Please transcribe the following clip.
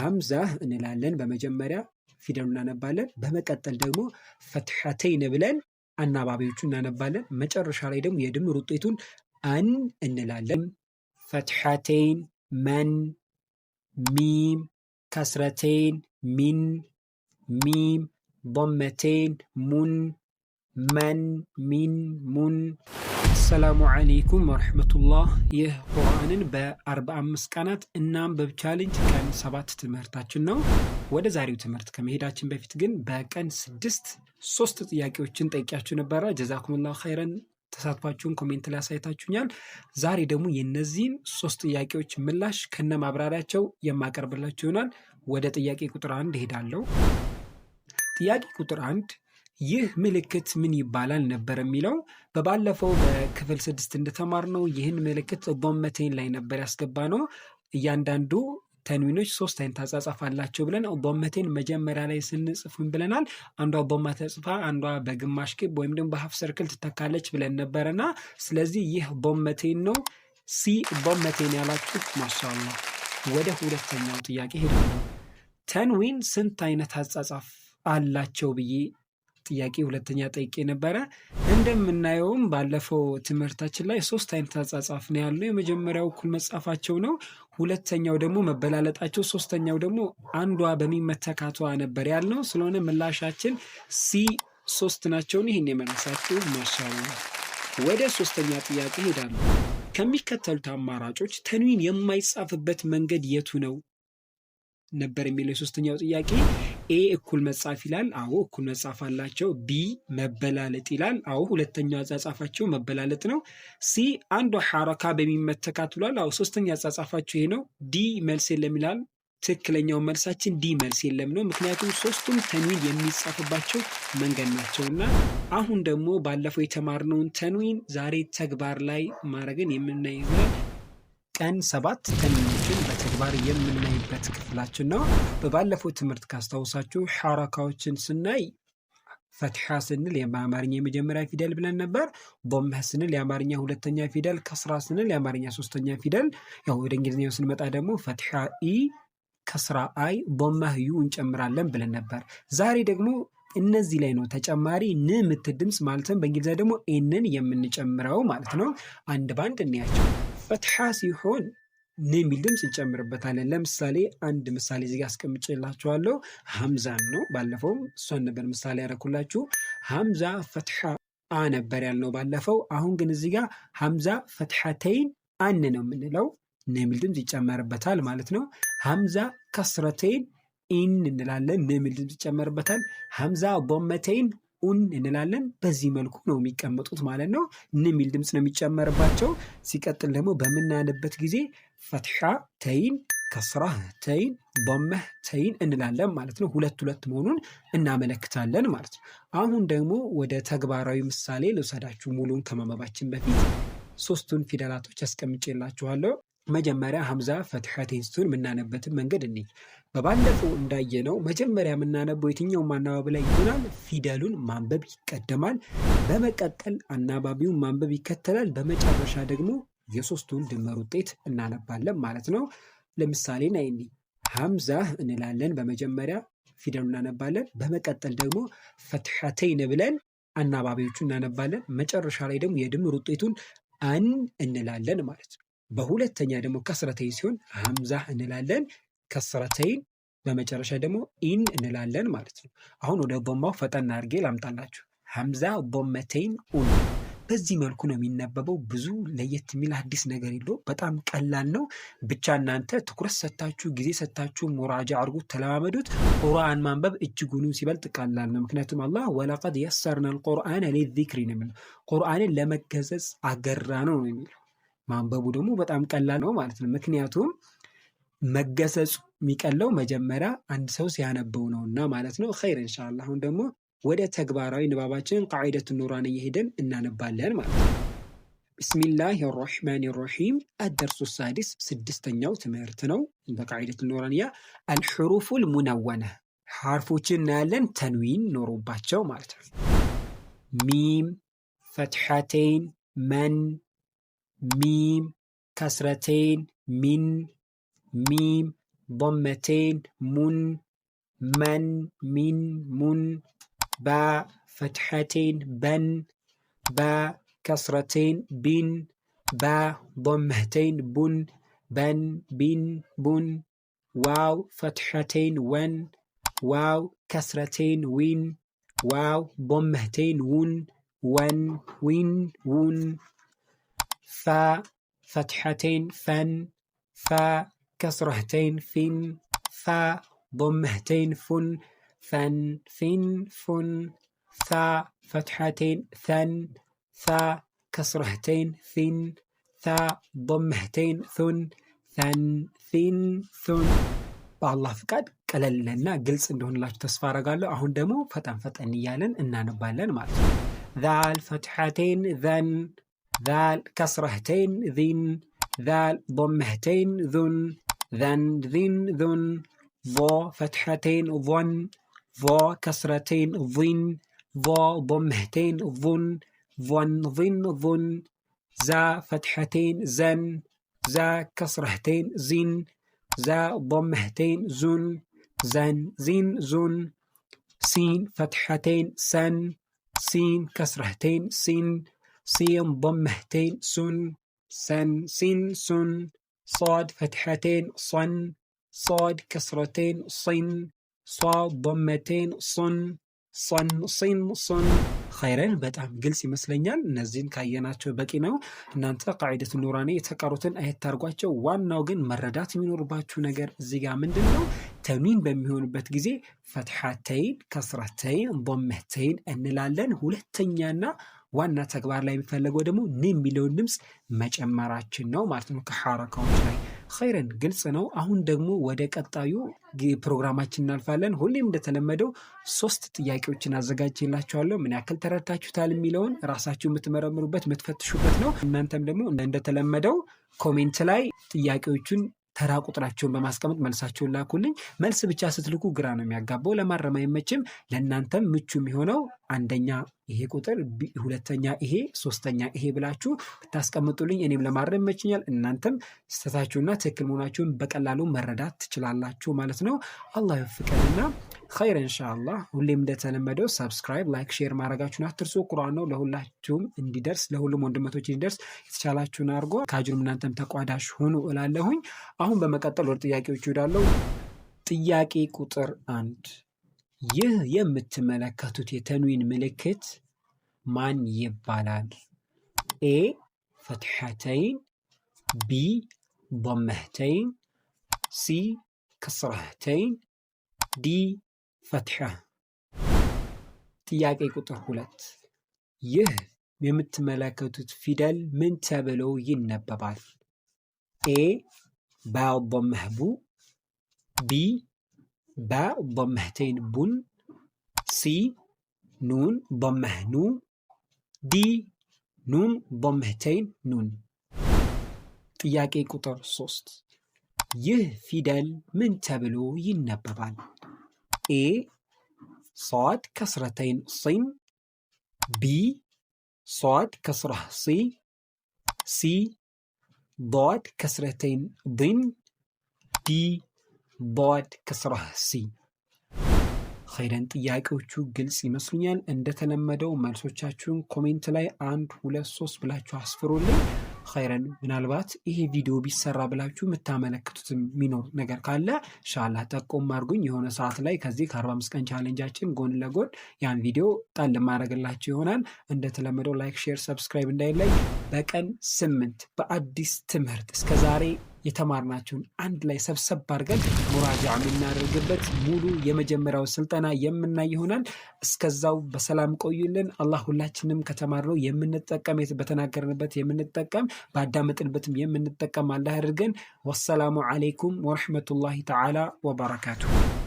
ሀምዛ እንላለን። በመጀመሪያ ፊደሉ እናነባለን። በመቀጠል ደግሞ ፈትሐተይን ብለን አናባቢዎቹ እናነባለን። መጨረሻ ላይ ደግሞ የድምር ውጤቱን አን እንላለን። ፈትሐተይን መን፣ ሚም፣ ከስረተይን ሚን፣ ሚም፣ ቦመቴን ሙን አሰላሙ አለይኩም ወረሕመቱላህ። ይህ ቁርአንን በ ቀናት እናንብብ ቻሌንጅ ቀን ሰባት ትምህርታችን ነው። ወደ ዛሬው ትምህርት ከመሄዳችን በፊት ግን በቀን ስድስት ሶስት ጥያቄዎችን ጠይቂያችሁ ነበረ። ጀዛኩሙላሁ ኸይረን ተሳትፏችሁን ኮሜንት ላይ አሳይታችሁኛል። ዛሬ ደግሞ የእነዚህን ሶስት ጥያቄዎች ምላሽ ከነ ማብራሪያቸው የማቀርብላችሁ ይሆናል። ወደ ጥያቄ ቁጥር አንድ እሄዳለሁ። ጥያቄ ቁጥር አንድ ይህ ምልክት ምን ይባላል ነበር የሚለው በባለፈው በክፍል ስድስት እንደተማር ነው። ይህን ምልክት ቦመቴን ላይ ነበር ያስገባ ነው። እያንዳንዱ ተንዊኖች ሶስት አይነት አጻጻፍ አላቸው ብለን ቦመቴን መጀመሪያ ላይ ስንጽፍም ብለናል። አንዷ ቦማ ተጽፋ አንዷ በግማሽ ክብ ወይም ደግሞ በሀፍ ሰርክል ትተካለች ብለን ነበረና ስለዚህ ይህ ቦመቴን ነው። ሲ ቦመቴን ያላችሁ ማሻላ። ወደ ሁለተኛው ጥያቄ ሄዱ። ተንዊን ስንት አይነት አጻጻፍ አላቸው ብዬ ጥያቄ ሁለተኛ ጠይቄ ነበረ። እንደምናየውም ባለፈው ትምህርታችን ላይ ሶስት አይነት አጻጻፍ ነው ያለው። የመጀመሪያው እኩል መጻፋቸው ነው። ሁለተኛው ደግሞ መበላለጣቸው፣ ሶስተኛው ደግሞ አንዷ በሚመተካቷ ነበር ያልነው። ስለሆነ ምላሻችን ሲ ሶስት ናቸውን። ይህን የመለሳችሁ ማሻሉ። ወደ ሶስተኛ ጥያቄ ሄዳለሁ። ከሚከተሉት አማራጮች ተንዊን የማይጻፍበት መንገድ የቱ ነው ነበር የሚለው የሶስተኛው ጥያቄ። ኤ እኩል መጻፍ ይላል። አዎ እኩል መጻፍ አላቸው። ቢ መበላለጥ ይላል። አዎ ሁለተኛው አጻጻፋቸው መበላለጥ ነው። ሲ አንዷ ሐረካ በሚመተካት ብሏል። አዎ ሶስተኛ አጻጻፋቸው ይሄ ነው። ዲ መልስ የለም ይላል። ትክክለኛው መልሳችን ዲ መልስ የለም ነው። ምክንያቱም ሶስቱም ተንዊን የሚጻፍባቸው መንገድ ናቸው እና አሁን ደግሞ ባለፈው የተማርነውን ተንዊን ዛሬ ተግባር ላይ ማድረግን የምናይ ቀን ሰባት ተንዊኖችን በተግባር የምናይበት ክፍላችን ነው። በባለፈው ትምህርት ካስታውሳችሁ ሐረካዎችን ስናይ ፈትሓ ስንል የአማርኛ የመጀመሪያ ፊደል ብለን ነበር። ቦምህ ስንል የአማርኛ ሁለተኛ ፊደል፣ ከስራ ስንል የአማርኛ ሶስተኛ ፊደል። ያው ወደ እንግሊዝኛው ስንመጣ ደግሞ ፈትሓ ኢ፣ ከስራ አይ፣ ቦመህ ዩ እንጨምራለን ብለን ነበር። ዛሬ ደግሞ እነዚህ ላይ ነው ተጨማሪ ን ምትል ድምፅ ማለትም በእንግሊዝኛ ደግሞ ኤንን የምንጨምረው ማለት ነው። አንድ ባንድ እንያቸው። ፈትሓ ሲሆን ን የሚል ድምፅ እንጨምርበታለን። ለምሳሌ አንድ ምሳሌ እዚህ ጋር አስቀምጬላችኋለሁ። ሀምዛን ነው። ባለፈውም እሷን ነበር ምሳሌ ያደረኩላችሁ። ሀምዛ ፈትሓ አ ነበር ያልነው ባለፈው። አሁን ግን እዚጋ ሀምዛ ፈትሐተይን አን ነው የምንለው። ን የሚል ድምፅ ይጨመርበታል ማለት ነው። ሀምዛ ከስረተይን ኢን እንላለን። ን የሚል ድምፅ ይጨመርበታል። ሀምዛ ቦመተይን ኡን እንላለን። በዚህ መልኩ ነው የሚቀመጡት ማለት ነው። ን የሚል ድምፅ ነው የሚጨመርባቸው። ሲቀጥል ደግሞ በምናንበት ጊዜ ፈትሓ ተይን፣ ከስራ ተይን፣ በመህ ተይን እንላለን ማለት ነው። ሁለት ሁለት መሆኑን እናመለክታለን ማለት ነው። አሁን ደግሞ ወደ ተግባራዊ ምሳሌ ልውሰዳችሁ። ሙሉን ከማንበባችን በፊት ሶስቱን ፊደላቶች አስቀምጬላችኋለሁ። መጀመሪያ ሀምዛ ፈትሐቴን ስትሆን የምናነበትን መንገድ እንይ። በባለፈው እንዳየነው መጀመሪያ የምናነበው የትኛውም አናባቢ ላይ ይሆናል። ፊደሉን ማንበብ ይቀደማል። በመቀጠል አናባቢውን ማንበብ ይከተላል። በመጨረሻ ደግሞ የሶስቱን ድምር ውጤት እናነባለን ማለት ነው። ለምሳሌ ናይኒ ሀምዛ እንላለን። በመጀመሪያ ፊደሉ እናነባለን። በመቀጠል ደግሞ ፈትሐቴን ብለን አናባቢዎቹ እናነባለን። መጨረሻ ላይ ደግሞ የድምር ውጤቱን አን እንላለን ማለት ነው። በሁለተኛ ደግሞ ከስረተይን ሲሆን ሀምዛ እንላለን። ከስረተይን በመጨረሻ ደግሞ ኢን እንላለን ማለት ነው። አሁን ወደ ቦማው ፈጠን አድርጌ ላምጣላችሁ። ሀምዛ ቦመተይን ኡን። በዚህ መልኩ ነው የሚነበበው። ብዙ ለየት የሚል አዲስ ነገር የለውም። በጣም ቀላል ነው። ብቻ እናንተ ትኩረት ሰታችሁ ጊዜ ሰታችሁ ሙራጃ አድርጉት፣ ተለማመዱት። ቁርአን ማንበብ እጅጉኑ ሲበልጥ ቀላል ነው። ምክንያቱም አላህ ወለቀድ የሰርና ልቁርአን ሊዚክሪ ነው የሚለው ቁርአንን ለመገሰጽ አገራ ነው ነው የሚለው ማንበቡ ደግሞ በጣም ቀላል ነው ማለት ነው። ምክንያቱም መገሰጹ የሚቀለው መጀመሪያ አንድ ሰው ሲያነበው ነውና ማለት ነው። ኸይር እንሻላ። አሁን ደግሞ ወደ ተግባራዊ ንባባችንን ቃዒደቱ ኑራን እየሄደን እናነባለን ማለት ነው። ቢስሚላህ ራሕማን ራሒም አደርሱ ሳዲስ ስድስተኛው ትምህርት ነው። በቃዒደቱ ኑራንያ አልሕሩፉል ሙነወነ ሐርፎችን እናያለን ተንዊን ኖሮባቸው ማለት ነው። ሚም፣ ፈትሐቴን፣ መን ميم كسرتين من ميم ضمتين من من من من با فتحتين بن با كسرتين بن با ضمتين بن بن بن بن واو فتحتين ون واو كسرتين وين واو ضمتين ون ون وين ون ፋ ፈትሐተይን ፈን ፋ ከስረህተይን ፊን ፋ ضመህተይን ፉን ፈን ፊን ፉን ፋ ፈትሐተይን ፈን ፋ ከስረህተይን ፊን ፋ ضመህተይን ቱን ፈን ፊን ቱን። በአላህ ፍቃድ ቀለልና ግልጽ እንደሆንላችሁ ተስፋ አረጋለሁ። አሁን ደግሞ ፈጠን ፈጠን እያለን እናነባለን ማለት ነው። ዛል ፈትሐተይን ዘን ذال كسرهتين ذين ذال ضمهتين ذن ذن ذين ذن ظا فتحتين ظن ظا كسرتين ظن ظا ضمهتين ظن ظن ظن ظن زا فتحتين زن زا كسرهتين زن زا ضمهتين زن زن زين زن سين فتحتين سن سين كسرهتين سن صين ضمتين سن سن سين سن صاد فتحتين صن صاد كسرتين صن صاد ضمتين صن ሶን ሶን ሶን ኸይረን በጣም ግልጽ ይመስለኛል። እነዚህን ካየናቸው በቂ ነው። እናንተ ቃዒደቱ ኑራኒ የተቀሩትን አየት ታርጓቸው። ዋናው ግን መረዳት የሚኖርባችሁ ነገር እዚህ ጋር ምንድን ነው ተንዊን በሚሆንበት ጊዜ ፈትሐተይን፣ ከስራተይን፣ ቦመተይን እንላለን ሁለተኛና ዋና ተግባር ላይ የሚፈለገው ደግሞ ን የሚለውን ድምፅ መጨመራችን ነው ማለት ነው ከሐረካዎች ላይ ኸይረን ግልጽ ነው። አሁን ደግሞ ወደ ቀጣዩ ፕሮግራማችን እናልፋለን። ሁሌም እንደተለመደው ሶስት ጥያቄዎችን አዘጋጅላችኋለሁ። ምን ያክል ተረድታችሁታል የሚለውን ራሳችሁ የምትመረምሩበት የምትፈትሹበት ነው። እናንተም ደግሞ እንደተለመደው ኮሜንት ላይ ጥያቄዎቹን ተራ ቁጥራቸውን በማስቀመጥ መልሳቸውን ላኩልኝ። መልስ ብቻ ስትልኩ ግራ ነው የሚያጋባው፣ ለማረም አይመችም። ለእናንተም ምቹ የሚሆነው አንደኛ ይሄ ቁጥር ሁለተኛ ይሄ ሶስተኛ ይሄ ብላችሁ ብታስቀምጡልኝ እኔም ለማድረግ መችኛል። እናንተም ስህተታችሁና ትክክል መሆናችሁን በቀላሉ መረዳት ትችላላችሁ ማለት ነው። አላህ ይወፍቀንና ኸይር ኢንሻአላህ። ሁሌም እንደተለመደው ሰብስክራይብ፣ ላይክ፣ ሼር ማድረጋችሁን አትርሱ። ቁርአን ነው ለሁላችሁም እንዲደርስ ለሁሉም ወንድመቶች እንዲደርስ የተቻላችሁን አድርጎ ከአጅሩም እናንተም ተቋዳሽ ሆኑ እላለሁኝ። አሁን በመቀጠል ወደ ጥያቄዎች ይሄዳለሁ። ጥያቄ ቁጥር አንድ ይህ የምትመለከቱት የተንዊን ምልክት ማን ይባላል? ኤ ፈትሐተይን፣ ቢ ቦመህተይን፣ ሲ ክስራህተይን፣ ዲ ፈትሐ። ጥያቄ ቁጥር ሁለት ይህ የምትመለከቱት ፊደል ምን ተብሎ ይነበባል? ኤ ባያ ቢ باء ضمهتين بن سي نون ضمه نو دي نون ضمهتين نون ጥያቄ ቁጥር 3 ይህ ፊደል ምን ተብሎ ይነበባል? ኤ صاد كسرتين صين ቢ صاد كسره ሲ ሲ ضاد كسرتين ضن دي ቦድ ስራህ ሲ ኸይረን ጥያቄዎቹ ግልጽ ይመስሉኛል። እንደተለመደው መልሶቻችሁን ኮሜንት ላይ አንድ ሁለት ሶስት ብላችሁ አስፍሩልን። ኸይረን ምናልባት ይሄ ቪዲዮ ቢሰራ ብላችሁ የምታመለክቱት የሚኖር ነገር ካለ ሻላ ጠቆም አድርጉኝ። የሆነ ሰዓት ላይ ከዚህ ከ45 ቀን ቻለንጃችን ጎን ለጎን ያን ቪዲዮ ጣል ማድረግላችሁ ይሆናል። እንደተለመደው ላይክ፣ ሼር፣ ሰብስክራይብ እንዳይለይ። በቀን ስምንት በአዲስ ትምህርት እስከዛሬ የተማርናቸውን አንድ ላይ ሰብሰብ አድርገን ሙራጃ የምናደርግበት ሙሉ የመጀመሪያው ስልጠና የምናይ ይሆናል። እስከዛው በሰላም ቆዩልን። አላህ ሁላችንም ከተማርነው የምንጠቀም በተናገርንበት የምንጠቀም ባዳመጥንበትም የምንጠቀም አላህ አድርገን። ወሰላሙ አሌይኩም ወረሕመቱላሂ ተዓላ ወበረካቱ።